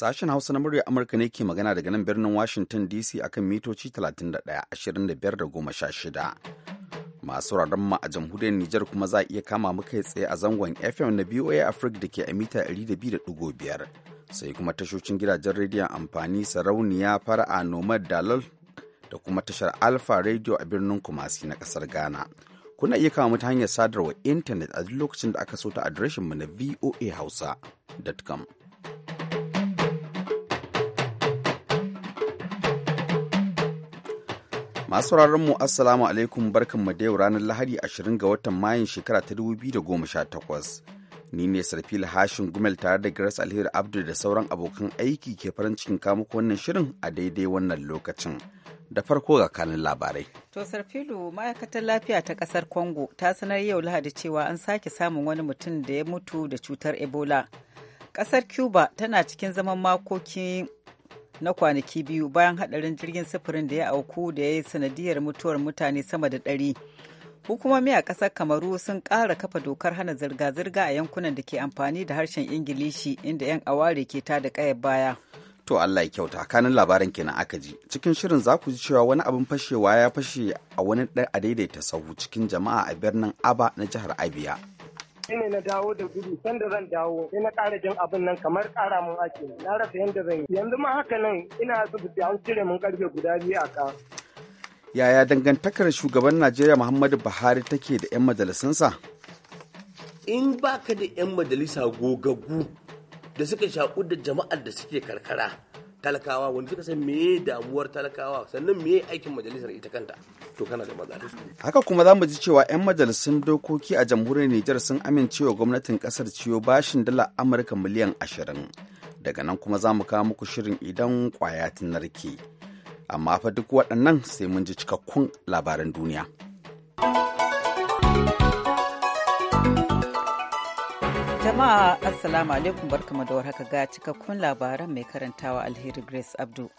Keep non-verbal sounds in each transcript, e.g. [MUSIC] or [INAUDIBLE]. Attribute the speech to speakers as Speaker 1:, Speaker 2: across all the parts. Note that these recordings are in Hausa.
Speaker 1: Sashen Hausa na muryar Amurka ne ke magana daga nan birnin Washington DC akan mitoci 31-25-16. Masu mu a jamhuriyar Nijar kuma za a iya kama mu kai tsaye a zangon FM na BOA Africa da ke a mita 200.5. Sai kuma tashocin gidajen rediyon amfani sarauniya fara'a nomad dalal da kuma tashar Alpha Radio a birnin Kumasi na kasar Ghana. Kuna iya kama hanyar sadarwa intanet a duk lokacin da aka so ta mu na voahausa.com. Masu mu Assalamu alaikum barkan mu da yau ranar Lahadi 20 ga watan Mayun shekara ta 2018. Ni ne sarfi Hashin Gumel tare da Grace Alheri Abdul da sauran abokan aiki ke farin cikin kamuka wannan shirin a daidai wannan lokacin. Da farko ga kanin labarai.
Speaker 2: To
Speaker 3: Sarfilu ma'aikatar lafiya ta kasar Congo ta sanar yau Lahadi cewa an sake samun wani mutum da ya mutu da cutar Ebola. Kasar Cuba tana cikin zaman makokin na kwanaki biyu bayan hadarin jirgin sufurin da ya auku da ya yi sanadiyar mutuwar mutane sama da ɗari. Hukumomi a ƙasar Kamaru sun ƙara kafa dokar hana zirga-zirga a yankunan da ke amfani da harshen Ingilishi inda 'yan aware ke ta da ƙayar baya.
Speaker 1: To Allah ya kyauta kanin labarin kenan aka ji. Cikin shirin za ku ji cewa wani abin fashewa ya fashe a wani a daidaita sahu cikin jama'a a birnin Aba na jihar Abia.
Speaker 4: ne na dawo da gudu sanda zan dawo sai na ƙara jin abin nan kamar ƙara mun ake na rasa yadda zan yi yanzu ma haka nan ina da an cire mun karfe guda biyu a ka.
Speaker 1: Yaya dangantakar shugaban Najeriya Muhammadu Buhari take da 'yan majalisansa.
Speaker 4: In baka da 'yan majalisa gogaggu da suka shaƙu da jama'ar da suke karkara talakawa wanda suka san meye damuwar talakawa sannan meye aikin majalisar ita kanta to kana da matsala haka
Speaker 1: kuma za mu ji cewa 'yan majalisun dokoki a jamhuriyar Nijar sun amincewa gwamnatin kasar ciyo bashin dala Amurka miliyan 20 daga nan kuma za mu kawo muku shirin idan kwaya narke amma fa duk waɗannan sai mun ji cikakkun labaran duniya.
Speaker 3: Jama'a Assalamu alaikum barkamu da warhaka ga cikakkun labaran mai karantawa Alheri Grace Abdu.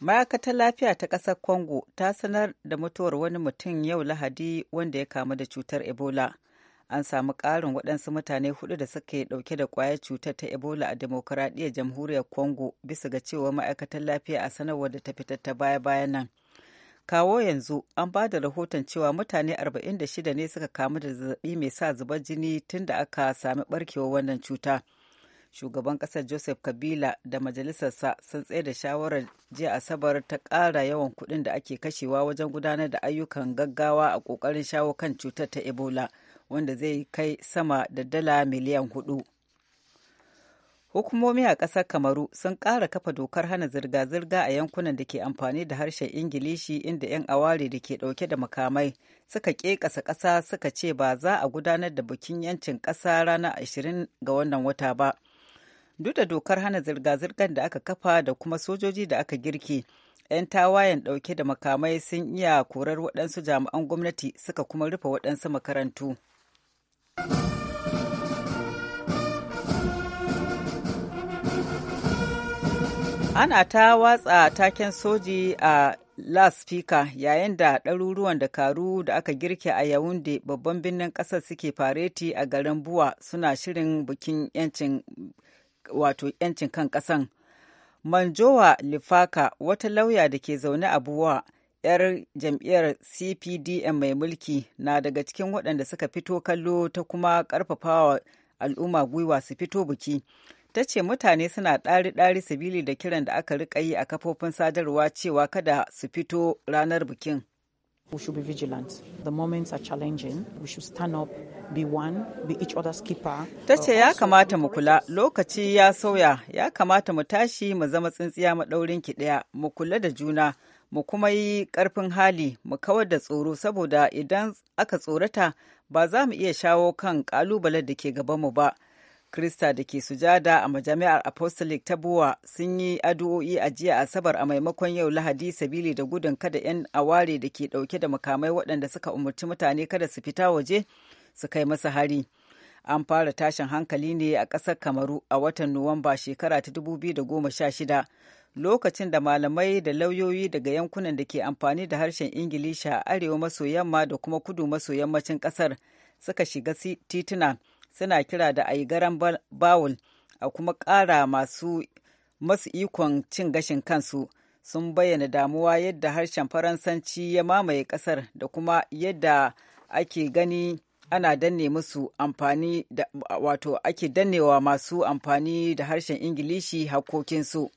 Speaker 3: Ma'aikatar lafiya ta ƙasar Congo ta sanar da mutuwar wani mutum yau Lahadi wanda ya kamu da cutar Ebola. An samu ƙarin waɗansu mutane hudu da suke ɗauke da ƙwayar cutar ta Ebola a demokuraɗiyyar jamhuriyar Congo bisa ga cewa ma'aikatar lafiya a sanarwar da ta fitar ta baya-bayan nan. kawo yanzu an ba da rahoton cewa mutane 46 ne suka kamu da zazzabi mai sa zubar jini tun da aka sami barkewar wannan cuta shugaban kasar joseph kabila da majalisarsa sun tsaye da shawarar jiya asabar ta ƙara yawan kuɗin da ake kashewa wajen gudanar da ayyukan gaggawa a ƙoƙarin shawo kan cutar ta ebola wanda zai kai sama da dala miliyan hudu. hukumomi a ƙasar kamaru sun ƙara kafa dokar hana zirga-zirga a yankunan da ke amfani da harshen ingilishi inda 'yan aware da ke ɗauke da makamai suka ƙeƙasa ƙasa suka ce ba za a gudanar da bikin yancin ƙasa rana 20 ga wannan wata ba duk da dokar hana zirga-zirgar da aka kafa da kuma sojoji da aka girki 'yan tawayen ɗauke da makamai sun iya korar waɗansu jami'an gwamnati suka kuma rufe waɗansu makarantu. Ana ta watsa taken soji a lasfika yayin da ɗaruruwan dakaru da aka girke a yawun da babban birnin ƙasar suke fareti a garin Buwa suna shirin bikin 'yancin 'yancin kan ƙasan. Manjowa Lifaka wata lauya da ke zaune a Buwa 'yar jam'iyyar CPDM mai mulki na daga cikin waɗanda suka fito kallo ta kuma ƙarfafawa al'umma gwiwa su fito biki. ta ce mutane suna ɗari-ɗari sabili da kiran da aka rika yi a kafofin sadarwa cewa kada su fito ranar bikin. We should be vigilant. The moments are challenging. We should stand up, be one, be each other's keeper. Ta ce ya uh, kamata mu kula, lokaci ya sauya, ya kamata mu tashi mu zama tsintsiya maɗaurin ki ɗaya, mu kula da juna, mu kuma yi ƙarfin hali, mu kawar da tsoro saboda idan aka tsorata ba za mu iya shawo kan ƙalubalen da ke gaban mu ba. Krista da ke sujada a majami'ar Apostolic ta Buwa sun yi addu'o'i a jiya Asabar a maimakon yau Lahadi sabili da gudun kada 'yan aware da ke ɗauke da makamai waɗanda suka umarci mutane kada su fita waje su kai masa hari. An fara tashin hankali ne a ƙasar Kamaru a watan Nuwamba shekara ta dubu biyu da goma sha shida lokacin da malamai da lauyoyi daga yankunan da ke amfani da harshen Ingilisha a arewa maso yamma da kuma kudu maso yammacin ƙasar suka shiga tituna suna kira da a yi garan bawul a kuma ƙara masu masu ikon cin gashin kansu sun bayyana damuwa yadda harshen faransanci ya mamaye ƙasar da kuma yadda ake gani ana danne musu amfani da wato ake dannewa masu amfani da harshen ingilishi hakokinsu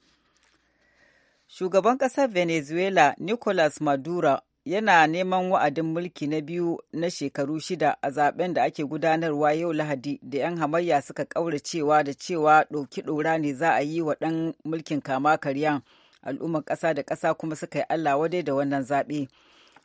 Speaker 3: shugaban ƙasar venezuela nicolas maduro yana neman wa'adin mulki na biyu na shekaru shida a zaben da ake gudanarwa yau lahadi da 'yan hamayya suka cewa da cewa ɗoki ɗora ne za a yi wa ɗan mulkin kama karyan al'ummar ƙasa da ƙasa kuma suka yi allah wadai da wannan zaɓe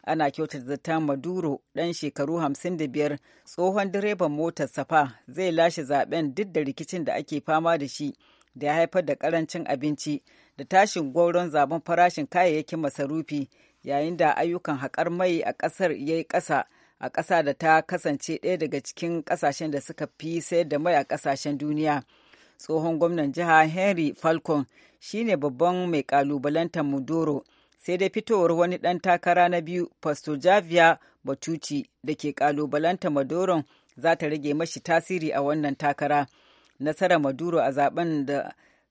Speaker 3: ana kyautata zaton maduro ɗan shekaru 55 tsohon direban motar safa zai lashe zaben duk da rikicin da ake fama da shi da ya haifar da karancin abinci da tashin gwauron zaben farashin kayayyakin masarufi yayin da ayyukan haƙar mai a ƙasar ya yi ƙasa a ƙasa da ta kasance ɗaya daga cikin ƙasashen da suka fi sayar da mai a ƙasashen duniya. Tsohon gwamnan jiha Henry Falcon shine babban mai ƙalubalantar Mudoro, sai dai fitowar wani ɗan takara na biyu, Pastor Javier batuci da ke ƙalubalantar Madoron za ta rage mashi tasiri a wannan takara. Nasarar Maduro a zaben da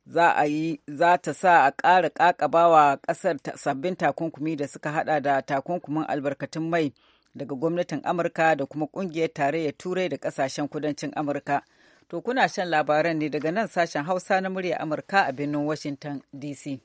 Speaker 3: za a yi za ta sa a ƙara ƙaƙabawa ƙasar sabbin takunkumi da suka hada da takunkumin albarkatun mai daga gwamnatin amurka da kuma ƙungiyar tarayyar turai da ƙasashen kudancin amurka to kuna shan labaran ne daga nan sashen hausa na murya amurka a birnin washington dc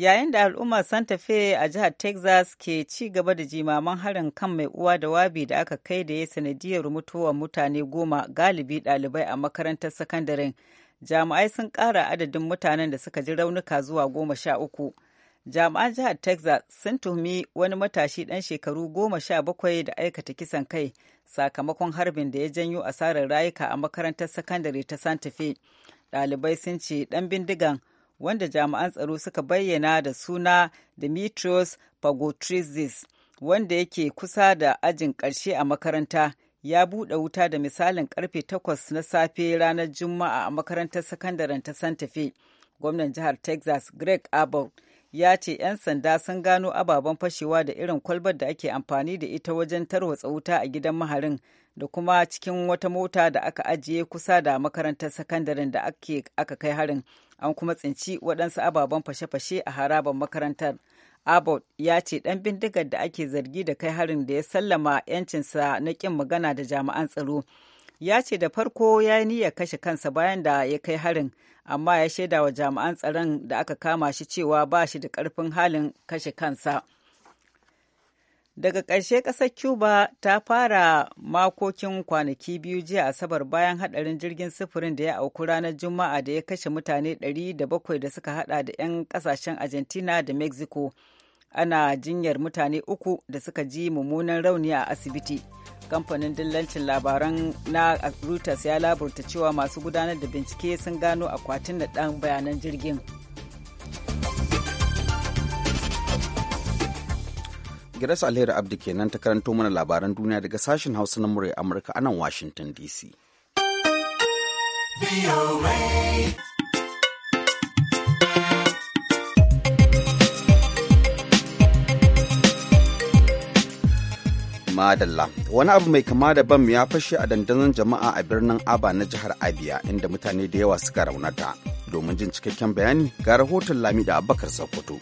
Speaker 3: yayin da al'ummar santa fe a jihar texas ke ci gaba da jimaman harin kan mai uwa da wabi da aka kai da ya sanadiyar mutuwar mutane goma galibi ɗalibai a makarantar sakandaren jami'ai sun ƙara adadin mutanen da suka ji raunuka zuwa goma sha uku jami'an jihar texas sun tuhumi wani matashi ɗan shekaru goma sha bakwai da aikata kisan kai sakamakon harbin da ya janyo asarar rayuka a makarantar sakandare ta santa fe ɗalibai sun ce ɗan bindigan wanda jami'an tsaro suka bayyana da suna demetrius Pagotrizis wanda yake kusa da ajin ƙarshe a makaranta ya buɗe wuta da misalin ƙarfe takwas na safe ranar Juma'a a makarantar sakandaren ta Santa Fe. Gwamnan jihar Texas Greg Abbott ya ce 'yan sanda sun gano ababen fashewa da irin kwalbar da ake amfani da ita wajen tarwatsa wuta a gidan maharin da kuma cikin wata mota da aka ajiye kusa da makarantar sakandaren da aka kai harin an kuma tsinci waɗansu ababen fashe-fashe a harabar makarantar abbott ya ce ɗan bindigar da ake zargi da kai harin da ya sallama 'yancinsa na ƙin magana da jami'an tsaro ya ce da farko ya yi niyyar kashe kansa bayan da ya kai harin amma ya shaida wa jami'an tsaron da aka kama shi cewa ba shi da ƙarfin halin kashe kansa. daga ƙarshe ƙasar cuba ta fara makokin kwanaki biyu jiya asabar bayan haɗarin jirgin sufurin da ya auku ranar juma'a da ya kashe mutane 700 da suka hada da 'yan ƙasashen argentina da mexico ana jinyar mutane uku da suka ji mummunan rauni a asibiti kamfanin dillancin labaran na reuters ya laburta cewa masu gudanar da bincike sun gano akwatin da ɗan bayanan jirgin.
Speaker 1: Grace Alheri Abdi kenan ta karanto mana labaran duniya daga sashen Hausa na murya Amurka a nan Washington DC. Madalla. Wani abu mai kama da bam ya fashe a dandazon jama'a a birnin Aba na jihar Abia inda mutane da yawa suka raunata. Domin jin cikakken bayani ga rahoton Lami da Abubakar Sokoto.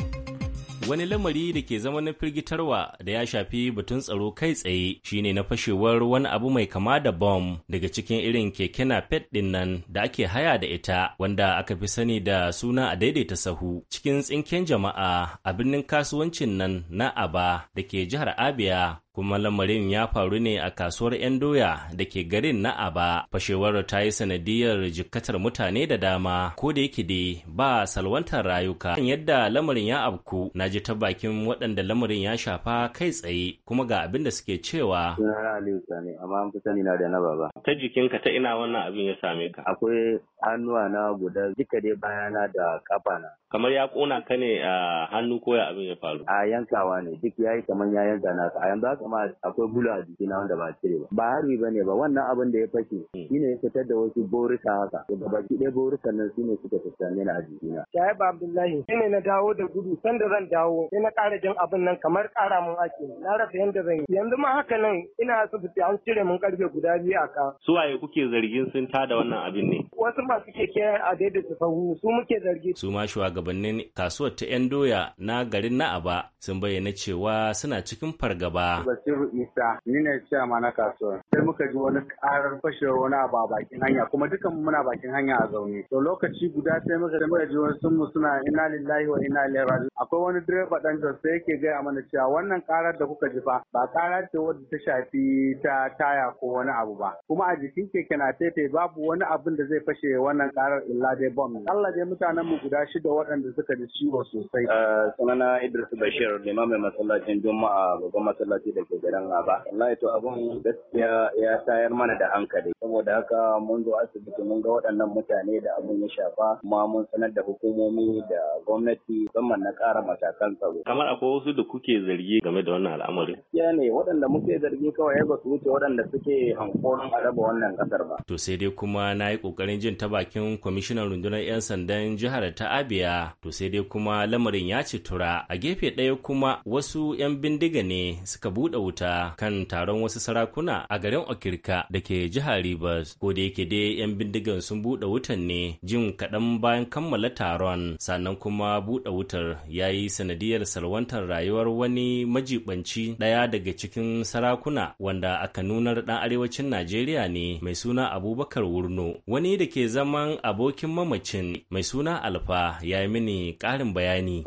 Speaker 5: wani lamari da ke zama na firgitarwa da ya shafi batun tsaro kai tsaye shine na fashewar wani abu mai kama da bom daga cikin irin keke napep din nan da ake haya da ita wanda aka fi sani da suna a daidaita sahu cikin tsinken jama'a a birnin kasuwancin nan na aba da ke jihar abia kuma lamarin ya faru ne a kasuwar 'yan doya da ke garin na aba fashewar ta yi sanadiyar jikkatar mutane da dama ko da yake dai ba salwantar rayuka yadda lamarin ya abku na ji ta bakin waɗanda lamarin ya shafa kai tsaye kuma ga abin da suke cewa amma fi sani da na baba ta jikinka ta ina wannan abin ya same ka akwai hannuwa na guda duka dai bayana da kafana kamar ya kona ka ne a hannu ko abin ya faru a yankawa ne duk yayi kamar ya yanka na, a yanzu haka kuma akwai bulu a jikina wanda ba cire ba ba harbi ba ne ba wannan abin da ya fashe hmm. shi ne ya fitar da wasu borisa haka daga baki ɗaya borisan nan shine suka fitar mini a jikina
Speaker 4: ba abdullahi ne na dawo da gudu sanda zan dawo sai na ƙara jin abin nan kamar ƙara mun ake na rasa yadda zan yi yanzu ma haka nan ina asibiti an cire mun ƙarfe guda biyu a ka
Speaker 5: su waye kuke zargin sun tada wannan abin ne
Speaker 4: wasu masu keke a su sahu su muke zargi
Speaker 5: su ma shugabannin kasuwar ta yan doya na garin na'aba sun bayyana cewa suna cikin fargaba
Speaker 6: Basiru Isa ni ne ciyama na kasuwar. Sai muka ji wani karar fashewar wani abu a bakin hanya kuma dukan muna bakin hanya a zaune. To lokaci guda sai muka muka ji wani sun mu suna inna lillahi wa inna ilaihi raji'un. Akwai wani direba dan Jos sai yake gaya mana cewa wannan karar da kuka ji fa ba kara ce wadda ta shafi ta taya ko wani abu ba. Kuma a jikin keke na tefe babu wani abin da zai fashe wannan karar illa dai bom. Allah dai mutanen mu guda shida waɗanda suka ji ciwo sosai.
Speaker 5: Eh, sunana Idris Bashir, limamin masallacin Juma'a babban masallaci da ke garin Aba. Wallahi to abun gaskiya ya tayar mana da hankali. Saboda haka mun zo asibiti mun ga waɗannan mutane da abun ya shafa kuma mun sanar da hukumomi da gwamnati musamman na ƙara matakan tsaro. Kamar akwai wasu da kuke zargi game da wannan al'amarin. Gaskiya ne waɗanda muke zargi kawai ba su wuce waɗanda suke hankorin a raba wannan ƙasar ba. To sai dai kuma na yi ƙoƙarin jin ta bakin kwamishinan rundunar 'yan sandan jihar ta Abia. To sai dai kuma lamarin ya ci tura a gefe ɗaya kuma wasu 'yan bindiga ne suka bude buɗe wuta kan taron wasu sarakuna a garin Okirka da ke jihar Rivers. Ko da yake dai 'yan bindigan sun buɗe wutan ne jin kaɗan bayan kammala taron sannan kuma buɗe wutar ya yi sanadiyar salwantar rayuwar wani majibanci ɗaya daga cikin sarakuna wanda aka nunar ɗan arewacin Najeriya ne mai suna Abubakar Wurno. Wani da ke zaman abokin mamacin mai suna Alfa ya yi mini ƙarin bayani.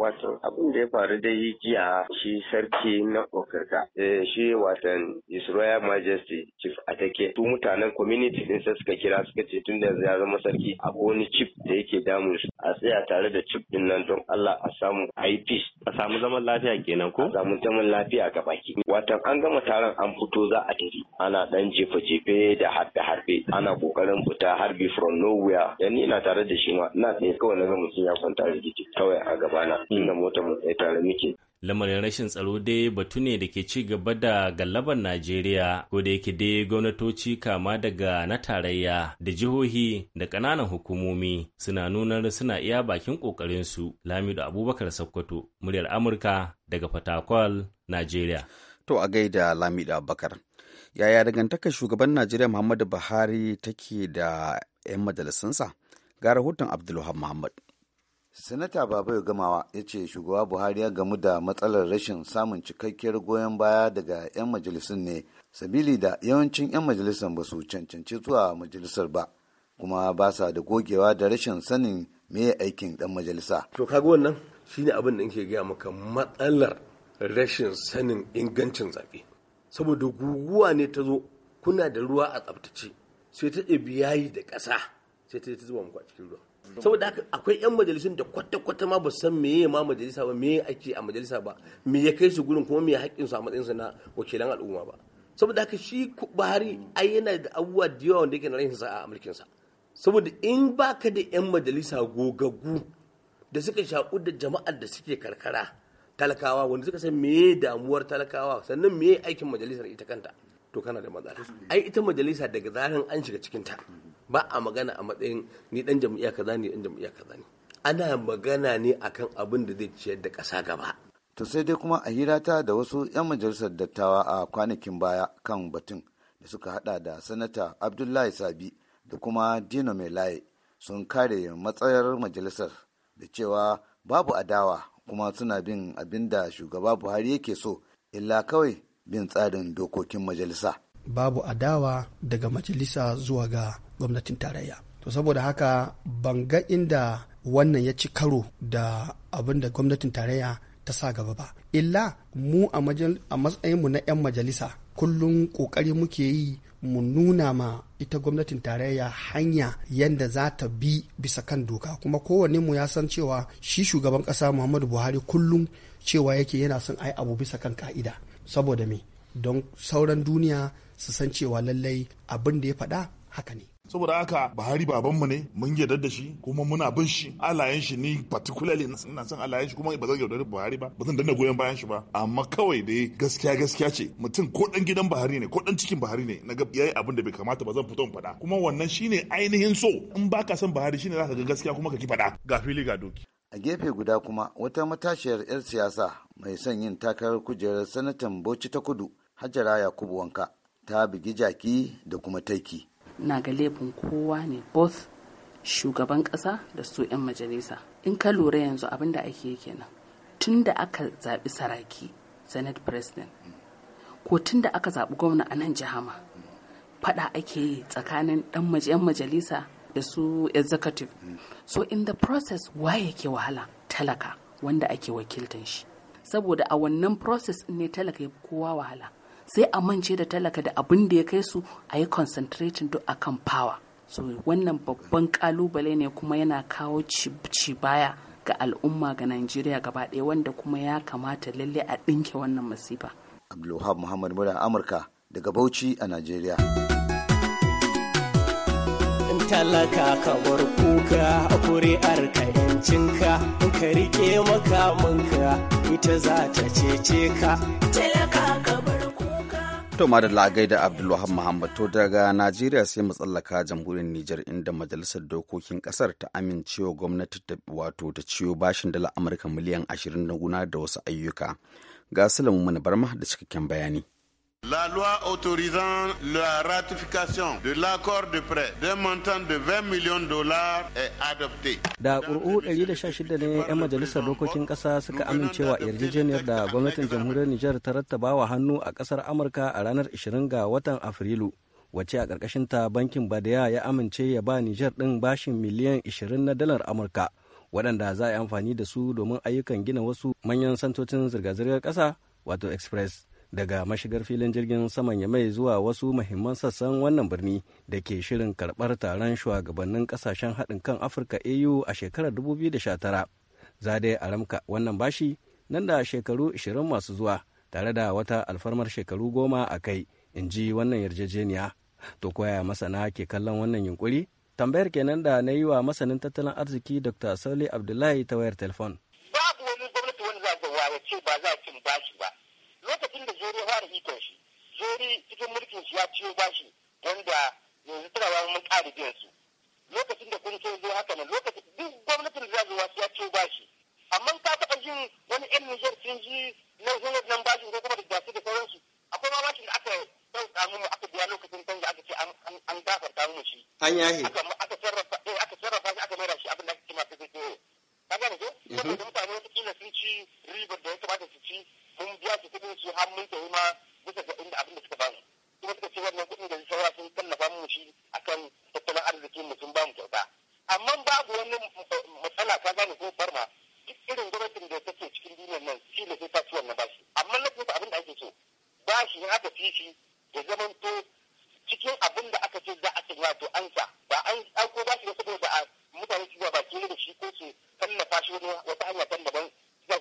Speaker 5: da ya faru dai jiya shi sarki na okirka eh, shi
Speaker 7: watan israel majesty chief atake su mutanen community din sai suka kira suka ce tun da ya zama sarki a wani chief da yake damun su a tsaya tare da chief din nan don allah a
Speaker 5: samu a yi peace a samu zaman lafiya kenan ko a samu zaman lafiya ga baki watan an gama taron an fito za a tafi ana dan jefe-jefe da harbe-harbe ana kokarin fita harbi from nowhere dan ni na tare da shi ma ina tsaye kawai na ga mutum ya kwanta rikici kawai a gabana Ina motar mu tare muke. lamarin rashin tsaro dai batu ne da ke ci gaba da gallabar Najeriya ko da yake dai gwamnatoci kama daga na tarayya da jihohi da ƙananan hukumomi suna nunar suna iya bakin ƙoƙarinsu. su Lamido Abubakar Sokoto muryar Amurka daga Fatakwal Najeriya
Speaker 1: to a gaida Lamido Abubakar yaya dangantakar shugaban Najeriya Muhammadu Buhari take da 'yan majalisunsa ga rahoton Abdulwahab Muhammad
Speaker 7: Sanata baba Gamawa ya ce shugaba Buhari ya gamu da matsalar rashin samun cikakkiyar goyon baya daga 'yan majalisun ne, sabili da yawancin 'yan majalisar ba su cancanci zuwa majalisar ba, kuma ba sa da gogewa da rashin sanin me aikin ɗan majalisa. To
Speaker 4: kaga wannan shine abin da nke gaya maka matsalar rashin sanin ingancin zaɓe. Saboda guguwa ne ta zo kuna da ruwa a tsaftace sai ta ɗabi yayi da ƙasa sai ta zuba muku a cikin ruwa. saboda haka akwai yan majalisun da kwata-kwata ma ba san meye ma majalisa ba meye ake a majalisa ba me ya kai su gurin kuma me haƙƙin su a matsayin su na wakilan al'umma ba saboda haka shi Buhari ai yana da abubuwa da yawa wanda yake na rahin sa a mulkin sa saboda in baka da yan majalisa gogaggu da suka shaƙu da jama'ar da suke karkara talakawa wanda suka san meye damuwar talakawa sannan meye aikin majalisar ita kanta to kana da matsala ai ita majalisa daga zaran an shiga cikinta. ba a magana a matsayin ni dan jam'iyya kaza ne dan jam'iyya kaza ne ana magana ne akan abin da zai ciyar da ƙasa gaba
Speaker 7: to sai dai kuma a hirata da wasu 'yan majalisar dattawa a kwanakin baya kan batun da suka hada da sanata abdullahi sabi da kuma dino melaye sun kare matsayar majalisar da cewa babu adawa kuma suna bin abin da shugaba buhari yake so illa kawai bin tsarin dokokin majalisa
Speaker 1: babu adawa daga majalisa zuwa ga gwamnatin tarayya to saboda haka ban ga inda wannan ya ci karo da abin da gwamnatin tarayya ta sa gaba ba illa mu a matsayinmu na 'yan majalisa kullum ƙoƙari muke yi mu nuna ma ita gwamnatin tarayya hanya yadda za ta bi bisa kan doka kuma kowanne mu ya san cewa shi shugaban ƙasa muhammadu buhari kullum cewa yake yana son ai abu bisa kan ka'ida saboda me don sauran duniya su san cewa lallai abin da ya faɗa haka
Speaker 8: ne saboda haka buhari babanmu ne mun yarda da shi kuma muna bin shi alayen shi ni particularly ina son alayen shi kuma ba zan yarda da buhari ba ba zan danna goyon bayan shi ba amma kawai dai gaskiya gaskiya ce mutum ko dan gidan bahari ne ko dan cikin bahari ne na ga yayi abin da bai kamata ba zan fito in faɗa kuma wannan shine ainihin so in baka son bahari shine zaka ga gaskiya kuma ka ki faɗa ga fili ga doki a gefe guda kuma
Speaker 7: wata matashiyar 'yar siyasa mai son yin takarar kujerar sanatan bauchi ta kudu hajara yakubu wanka ta bugi jaki da kuma taiki
Speaker 3: na ga laifin kowa ne both shugaban ƙasa da su 'yan majalisa in ka lura yanzu abin da ake kenan tun da aka zaɓi saraki senate president ko tun da aka zaɓi gwamna a nan jihama faɗa ake yi tsakanin ɗan 'yan majalisa da su executive so in the process wa yake wahala talaka wanda ake wakiltan shi saboda a wannan process ne talaka ya kowa wahala sai a mance da talaka da abin da ya kai su a yi concentrating duk a kan power so wannan babban kalubale ne kuma yana kawo ci baya ga al'umma ga Najeriya gaba ɗaya wanda kuma ya kamata lalle a ɗinke wannan masifa.
Speaker 7: Abdulwahab Muhammad Mura Amurka daga Bauchi a Najeriya.
Speaker 9: talaka ka bar kuka a kuri'ar ka yancinka in ka riƙe
Speaker 3: makamanka ita za ta cece ka. Talaka ka
Speaker 1: To madalla gaida Abdulwahab Muhammad to daga Najeriya sai mu tsallaka jamhuriyar Nijar inda majalisar dokokin kasar ta amincewa gwamnati ta wato ta ciyo bashin dala Amurka miliyan 20 na guna da wasu ayyuka. Ga Sulaimu Mani Barma da cikakken bayani.
Speaker 9: La loi autorisant la ratification de l'accord de prêt d'un montant de 20 millions de dollars est adoptée. Da ƙuri'u 116 ne 'yan majalisar dokokin ƙasa suka amincewa yarjejeniyar da gwamnatin jamhuriyar Nijar ta rattabawa hannu a ƙasar Amurka a ranar 20 ga watan Afrilu. Wace a ta bankin Badaya ya amince ya ba Nijar ɗin bashin miliyan 20 na dalar Amurka. waɗanda za a yi amfani da su domin ayyukan gina wasu manyan santocin zirga-zirgar ƙasa wato express daga mashigar filin jirgin saman ya mai zuwa wasu mahimman sassan wannan birni da ke shirin karbar taron shugabannin kasashen haɗin kan afirka au a shekarar 2019 za aramka wannan bashi nan da shekaru 20 masu zuwa tare da wata alfarmar shekaru goma a kai in ji wannan yarjejeniya to koya masana ke kallon wannan yunkuri tambayar kenan da na yi wa masanin tattalin arziki dr sale abdullahi ta wayar telefon
Speaker 10: babu wani gwamnati wanda za ya ce ba za a cin bashi ba lokacin da zori fara ikon shi zori cikin mulkin shi ya ciyo bashi wanda yanzu tana ba mun ƙari biyan su lokacin da kun zo haka nan lokacin duk gwamnatin da za su ya ciyo bashi amma ka taɓa jin wani ɗan nijar sun ji na zunar nan bashin ko kuma da gasu da sauransu akwai ma shi da aka sauka mu aka biya lokacin canji
Speaker 9: aka ce an gafarta mu shi an yahe aka sarrafa eh aka sarrafa shi aka maida shi abin
Speaker 2: da ake kima ta zai ka gane ko mhm.
Speaker 10: saboda mutane wata kila sun ci ribar da ya kamata su ci mun biya su kuɗin su har mun tafi ma bisa ga inda abin da suka bamu kuma suka ce wannan kuɗin da saura sun tallafa mu shi akan tattalin arzikin mu sun bamu kyauta amma babu wani matsala ta gane ko farma duk irin gwamnatin da take cikin duniyar nan shi ne sai ta ci wannan bashi amma lokacin abin da ake so bashi in aka fi shi ya zamanto cikin abin da aka ce za a cin wato an sa ba an ko ba shi da saboda mutane su ba baki da shi ko su tallafa shi wani wata hanya daban da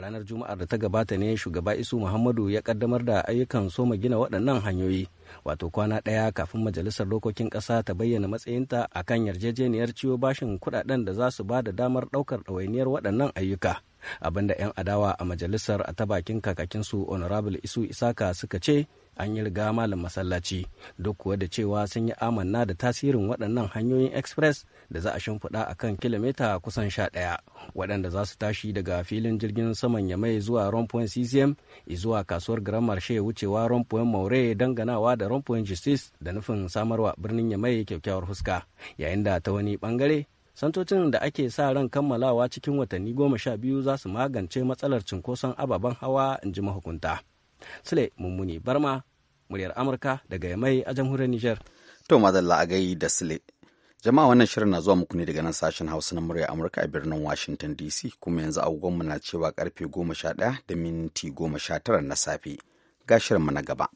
Speaker 9: ranar juma'ar da ta gabata ne shugaba isu muhammadu ya kaddamar da ayyukan soma gina waɗannan hanyoyi wato kwana ɗaya kafin majalisar dokokin ƙasa ta bayyana matsayinta a kan yarjejeniyar ciwo bashin kuɗaɗen da za su ba da damar ɗaukar ɗawainiyar waɗannan ayyuka. abinda 'yan adawa a majalisar a ta bakin su honorable isu isaka suka ce an yi riga malam masallaci duk kuwa da cewa sun yi amanna da tasirin waɗannan hanyoyin express da za a shimfiɗa a kan kilomita kusan sha ɗaya waɗanda za su tashi daga filin jirgin saman yamai zuwa rompoint ccm zuwa kasuwar gramar she wucewa rompoint maure danganawa da rompoint justice da nufin samarwa birnin yamai kyakkyawar fuska yayin da ta wani ɓangare santocin da ake sa ran kammalawa cikin watanni goma sha biyu za su magance matsalar cinkoson ababen hawa in ji mahukunta sule mummuni barma muryar amurka daga
Speaker 1: yamai a jamhuriyar niger to madalla a gai da sule jama'a wannan shirin na zuwa muku ne daga nan sashen hausa na muryar amurka a birnin washington dc kuma yanzu agogonmu na cewa karfe goma sha ɗaya da minti goma sha tara na safe ga shirinmu na gaba.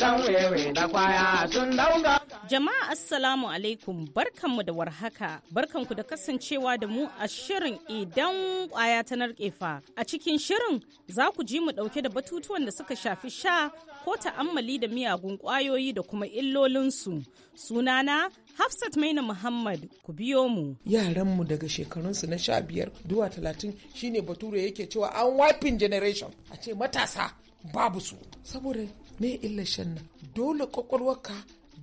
Speaker 2: Don wewe da kwaya sun dauga Jama'a Assalamu alaikum barkanmu da warhaka barkanku da kasancewa da mu a shirin idan kwaya ta narkefa. A cikin shirin za ku ji mu dauke da batutuwan da suka shafi sha ko ta'ammali da miyagun kwayoyi da kuma illolinsu. Sunana Hafsat Maina Muhammad ku biyo mu.
Speaker 8: Yaranmu daga shekarunsu na sha biyar
Speaker 2: zuwa talatin shine bature yake
Speaker 8: cewa an wiping generation a ce matasa babu su. Saboda me illa shan nan dole kwakwalwarka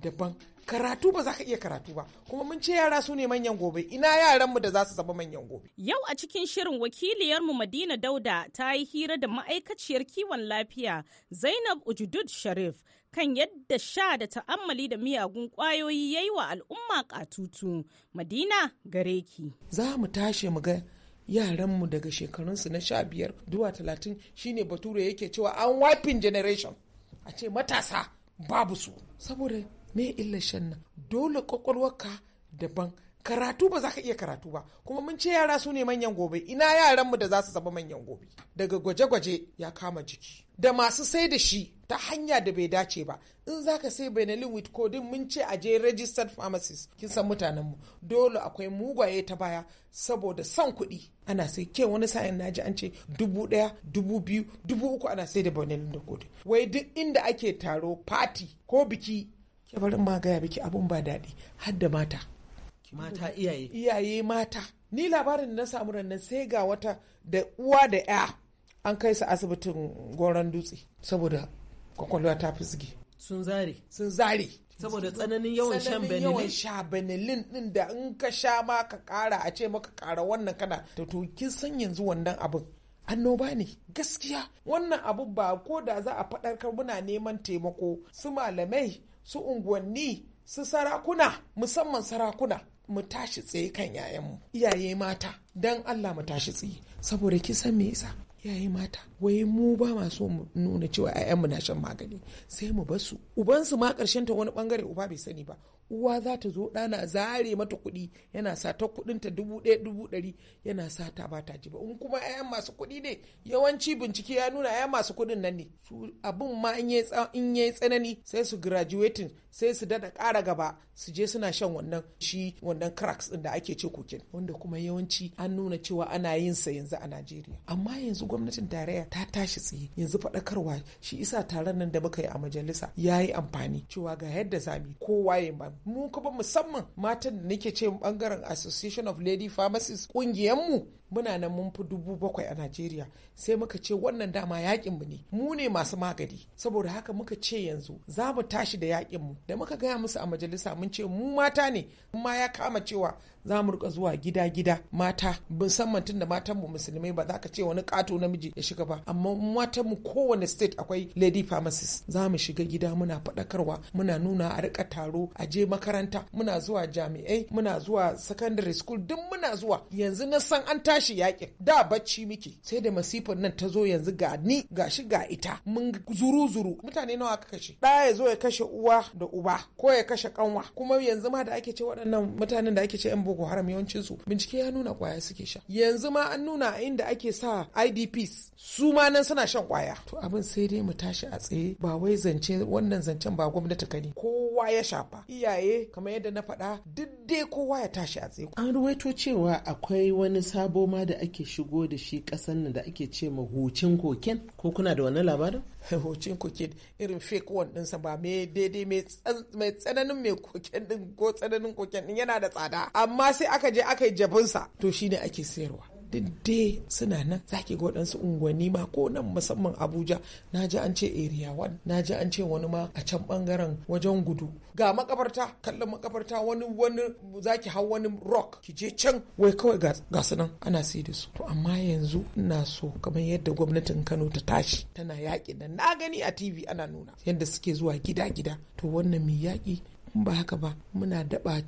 Speaker 8: daban karatu ba za ka iya karatu ba kuma mun ce yara su ne manyan gobe ina yaran mu da za su zama manyan gobe
Speaker 2: yau a cikin shirin wakiliyar mu madina dauda ta yi hira da ma'aikaciyar kiwon lafiya zainab ujudud sharif kan yadda sha da ta'ammali da miyagun kwayoyi yayi wa al'umma katutu madina gareki.
Speaker 8: za mu tashi mu ga yaranmu daga shekarunsu na sha biyar zuwa talatin shine bature yake cewa an wiping generation a ce matasa babu su saboda me illar shan nan dole kwakwalwarka daban karatu ba za ka iya karatu ba kuma mun ce yara su ne manyan gobe ina yaranmu da za su zama manyan gobe daga gwaje-gwaje ya kama jiki da masu sai da shi ta hanya da bai dace ba in za ka sai benelin with codin mun ce a je registered pharmacist kin san mutanenmu dole akwai mugaye ta baya saboda son kuɗi ana sai ke wani sa'in naji an ce dubu ɗaya dubu biyu dubu uku ana sai da benelin da codin wai duk inda ake taro party ko biki ke bari ma gaya biki abun ba daɗi har da mata mata iyaye iyaye mata ni labarin na samu rannan sai ga wata da uwa da ya an kai su asibitin goron dutse saboda kwakwalwa ta fizgi sun zare sun zare saboda tsananin yawan shan benilin yawan sha benilin din da in ka sha ma ka kara a ce maka kara wannan kana to to kin san yanzu wannan abin annoba ne gaskiya wannan abu ba ko da za a faɗarkar muna neman taimako su malamai su unguwanni su sarakuna musamman sarakuna mu tashi tsaye kan yayanmu iyaye mata don allah mu tashi tsaye saboda kisan me yasa iyaye mata wai mu ba ma mu nuna cewa 'ya'yanmu na shan magani sai mu basu ubansu ma karshen ta wani bangare uba bai sani ba uwa za ta zo ɗana zare mata kuɗi yana sa ta kuɗin ta dubu ɗaya dubu ɗari yana sa ta ba ta ji ba in kuma 'ya'yan masu kuɗi ne yawanci bincike ya nuna 'ya'yan masu kuɗin nan ne abin ma in yayi tsanani sai su graduating sai su dada kara gaba su je suna shan wannan shi wannan cracks ɗin da ake ce kokin wanda kuma yawanci an nuna cewa ana yin sa yanzu a Najeriya amma yanzu gwamnatin tarayya ta tashi tsaye yanzu faɗakarwa shi isa taron nan da muka yi a majalisa ya yi amfani cewa ga yadda zami kowa ya ba mu kuma musamman matan da nake ce bangaren association of lady pharmacists mu muna nan mun fi dubu bakwai a najeriya sai muka ce wannan dama yakin mu ne mu ne masu magani saboda haka muka ce yanzu za mu tashi da yakin mu da muka gaya musu a majalisa mun ce mu mata ne ma ya kama cewa za mu rika zuwa gida gida mata musamman tun da matan mu musulmai ba za ka ce wani kato namiji ya shiga ba amma matan mu kowane state akwai lady pharmacist za mu shiga gida muna faɗakarwa muna nuna a rika taro a je makaranta muna zuwa jami'ai muna zuwa secondary school duk muna zuwa yanzu na san an tashi yakin da bacci muke sai da masifar nan ta zo yanzu ga ni ga shi ga ita mun zuru zuru mutane nawa aka kashe ɗaya ya zo ya kashe uwa da uba ko ya kashe kanwa kuma yanzu ma da ake ce waɗannan mutanen da ake ce yan boko haram yawancin su bincike ya nuna kwaya suke sha yanzu ma an nuna a inda ake sa idps su ma nan suna shan kwaya to abin sai dai mu tashi a tsaye ba wai zance wannan zancen ba gwamnati kani kowa ya shafa iyaye kamar yadda na faɗa duk dai kowa ya tashi a tsaye an ruwaito cewa akwai wani sabo ma da ake shigo da shi kasan nan da ake ce ma hucin koken ko kuna da wani labarin [LAUGHS] hucin koken irin fake one ɗinsa ba me daidai mai tsananin mai koken din ko tsananin koken din yana da tsada amma sai aka je aka yi jabinsa to ne ake sayarwa dai suna nan za ki ga waɗansu unguwanni ma ko nan musamman abuja na ji an ce area one na ji an ce wani ma a can bangaren wajen gudu ga makabarta kallon makabarta wani wani za ki hau wani rock ki je can wai kawai ga su nan ana sai da su to amma yanzu ina so kamar yadda gwamnatin kano ta tashi tana yaƙi da na gani a tv ana nuna yadda suke zuwa gida gida to wannan mai yaƙi ba haka ba muna daɓa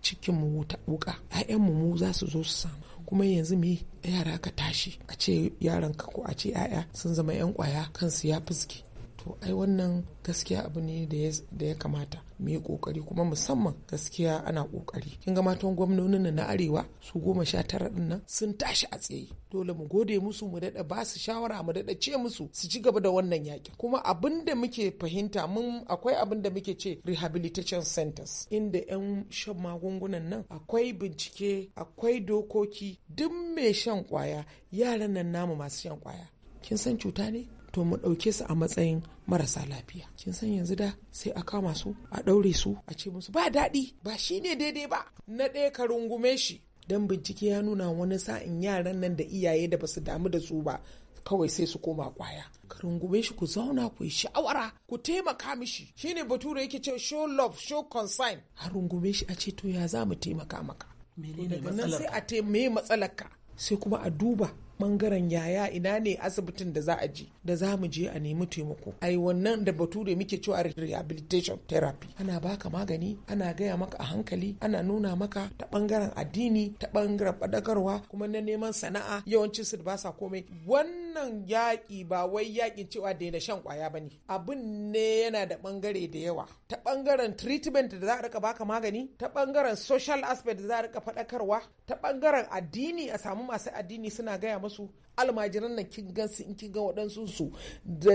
Speaker 8: cikin mu wuta wuka 'ya'yan mu mu za su zo su samu kuma yanzu me yara ka tashi a ce yaran ko a ce 'ya'ya sun zama 'yan kwaya kansu ya fuske to ai wannan gaskiya abu ne da ya kamata mu yi kokari kuma musamman gaskiya ana kokari kin ga matan gwamnonin na arewa su goma sha tara din nan sun tashi a tsaye dole mu gode musu mu dada ba su shawara mu dada ce musu su ci gaba da wannan yakin kuma abin da muke fahimta mun akwai abin da muke ce rehabilitation centers inda yan shan magungunan nan akwai bincike akwai dokoki duk mai shan kwaya yaran nan namu masu shan kwaya kin san cuta ne to mu ɗauke su a matsayin marasa lafiya kin san yanzu da sai a kama su a ɗaure su a ce musu ba daɗi ba shi ne daidai ba na ɗaya ka rungume shi Don bincike ya nuna wani sa'in yaran nan da iyaye da basu damu da su ba kawai sai su koma kwaya ka rungume shi ku zauna ku yi sha'awara. ku taimaka mishi shine bature yake ce show love show consign a rungume shi a ce to ya za mu taimaka maka menene matsalar sai a taimaka matsalar ka sai kuma a duba bangaren yaya ina ne asibitin da za a ji da za mu je a nemi taimako ai wannan da bature muke cewa rehabilitation therapy ana baka magani ana gaya maka a hankali ana nuna maka ta bangaren addini ta bangaren fadakarwa kuma na neman sana'a yawancin su ba sa komai wannan wannan yaƙi ba wai yaƙin cewa daina shan ƙwaya ba ne abin ne yana da ɓangare da yawa ta ɓangaren treatment da za a rika baka magani ta ɓangaren social aspect da za a rika faɗakarwa ta ɓangaren addini a samu masu addini suna gaya masu almajiran nan kin su in kin ga waɗansu su da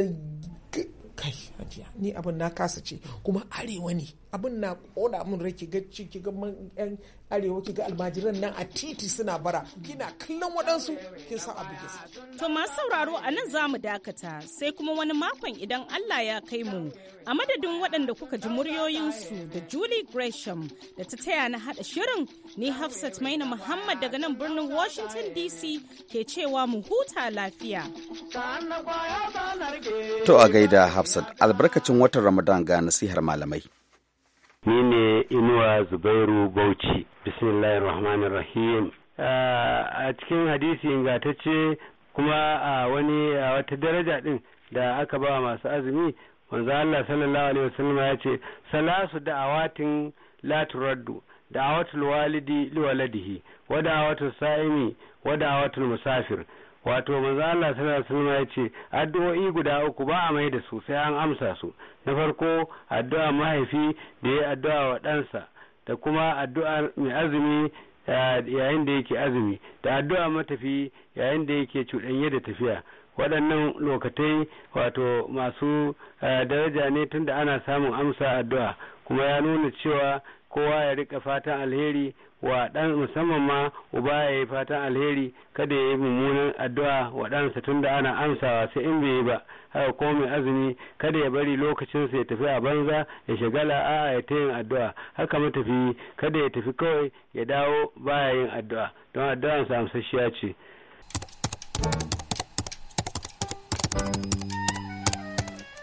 Speaker 8: kai hajiya ni abin na kasa ce kuma arewa ne abin na koda mun rai ki ga yan arewa
Speaker 2: kiga ga almajiran nan a titi suna bara kina kallon waɗansu kin san abu to masu sauraro a nan za mu dakata sai kuma wani makon idan Allah ya kai mu a madadin waɗanda kuka ji muryoyinsu da Julie Gresham da ta taya na hada shirin ni Hafsat Maina Muhammad daga nan birnin Washington DC ke cewa mu huta lafiya.
Speaker 1: To a gaida Hafsat albarkacin watan Ramadan ga nasihar malamai.
Speaker 2: Ni
Speaker 6: ne Inuwa Zubairu Bauchi, rahim
Speaker 1: A
Speaker 6: cikin hadisi ingatacce kuma a wani a wata daraja ɗin da aka ba masu azumi, wanzu Allah sallallahu alaihi wasallama ya ce, "Salasu awatin la turaddu, da walidi liwaladihi, wa da'awatul sa'imi, wada da'awatul musafir." wato manzo Allah sallallahu alaihi ya ce addu'o'i guda uku ba a mai da su sai an amsa su na farko addu'a mahaifi da ya addu'a wa ɗansa da kuma addu'a mai azumi eh, yayin da yake azumi da addu'a matafi yayin da yake cuɗanye da tafiya waɗannan lokatai wato masu eh, daraja ne tunda ana samun amsa addu'a kuma ya nuna cewa kowa ya rika fatan alheri wa dan musamman ma uba ya yi fatan alheri kada ya yi mummunan addu'a wa ɗansa tunda ana amsawa sai in bai yi ba haka ko mai azumi kada ya bari lokacinsa ya tafi a banza ya shagala a ya ta yin addu'a haka matafi kada ya tafi kawai ya dawo baya yin addu'a don addu'ansa amsasshiya ce.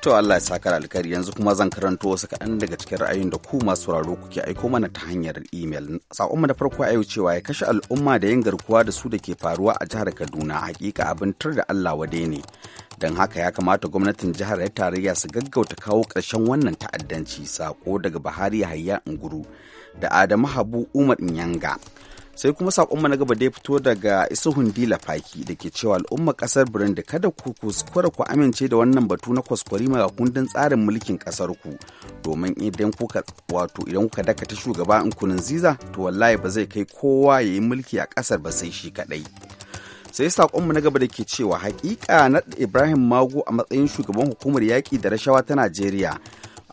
Speaker 1: To Allah ya saka alkhairi yanzu kuma zan karanto wasu kaɗan daga cikin ra'ayin da ku masu sauraro kuke aiko mana ta hanyar imel. Saƙonmu da farko a yau cewa ya kashe al'umma da yin garkuwa da su da ke faruwa a jihar Kaduna hakika abin tur da Allah wade ne. Don haka ya kamata gwamnatin jihar ya tarayya su gaggauta kawo ƙarshen wannan ta'addanci sako daga Buhari Hayya Nguru da Adamu Habu Umar yanga. sai kuma sakonmu na gaba da ya fito daga isuhun dila faki da ke cewa al'umma kasar burundi kada ku kuskura ku amince da wannan batu na kwaskwari ga kundin tsarin mulkin kasar ku domin idan kuka wato idan kuka dakata shugaba in kunun ziza to wallahi ba zai kai kowa ya yi mulki a kasar ba sai shi kadai sai sakonmu na gaba da ke cewa hakika na ibrahim mago a matsayin shugaban hukumar yaƙi da rashawa ta najeriya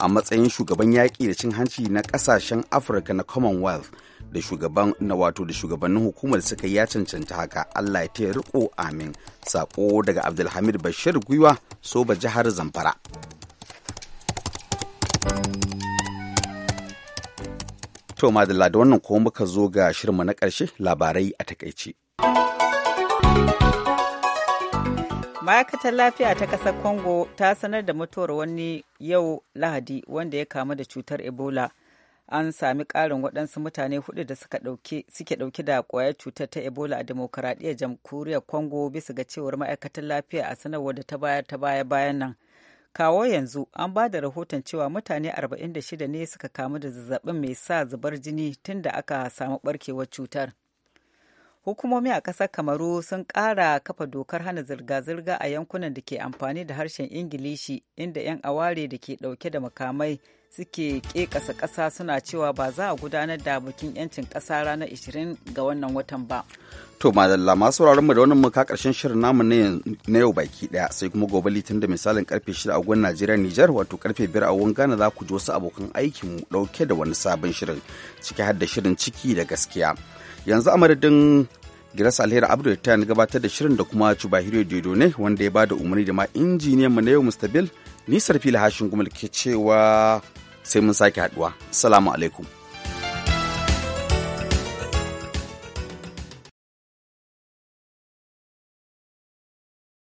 Speaker 1: a matsayin shugaban yaƙi da cin hanci na ƙasashen afirka na commonwealth da shugaban na wato da shugabannin hukumar suka ya cancanta haka Allah ya taya riko amin sako daga Abdulhamid Bashir Gwiwa soba jihar Zamfara To madalla da wannan kuma muka zo ga shirma na ƙarshe labarai a takaice.
Speaker 3: ma'aikatar lafiya ta ƙasar congo ta sanar da mutuwar wani yau lahadi wanda ya kamu da cutar ebola an sami ƙarin waɗansu mutane hudu da suke ɗauki da ƙwayar cutar ta ebola a demokaradiyyar jamhuriyar congo bisa ga cewar ma'aikatar lafiya a sanarwar da ta bayar ta baya bayan nan kawo yanzu an ba da rahoton cewa mutane 46 ne suka kamu da zazzabin mai sa zubar jini tun da aka samu barkewar cutar hukumomi a ƙasar kamaru sun ƙara kafa dokar hana zirga-zirga a yankunan da ke amfani da harshen ingilishi inda 'yan aware da ke ɗauke da makamai suke kasa kasa suna cewa ba za a gudanar da bikin 'yancin kasa ranar 20 ga wannan watan ba.
Speaker 1: To madalla masu sauraron mu da wannan muka karshen shirin namu na yau baki daya sai kuma gobe litin da misalin karfe 6 a gwan Najeriya Nijar wato karfe 5 a gun Ghana za ku ji wasu abokan aikin mu dauke da wani sabon shirin ciki har da shirin ciki da gaskiya. Yanzu a madadin Giras Alheri Abdul ta gabatar da shirin da kuma Chubahiro Dodo ne wanda ya bada umarni da ma injiniyan mu na yau Mr. Bill ni fila hashin gumal ke cewa sai mun sake haduwa. Salamu alaikum.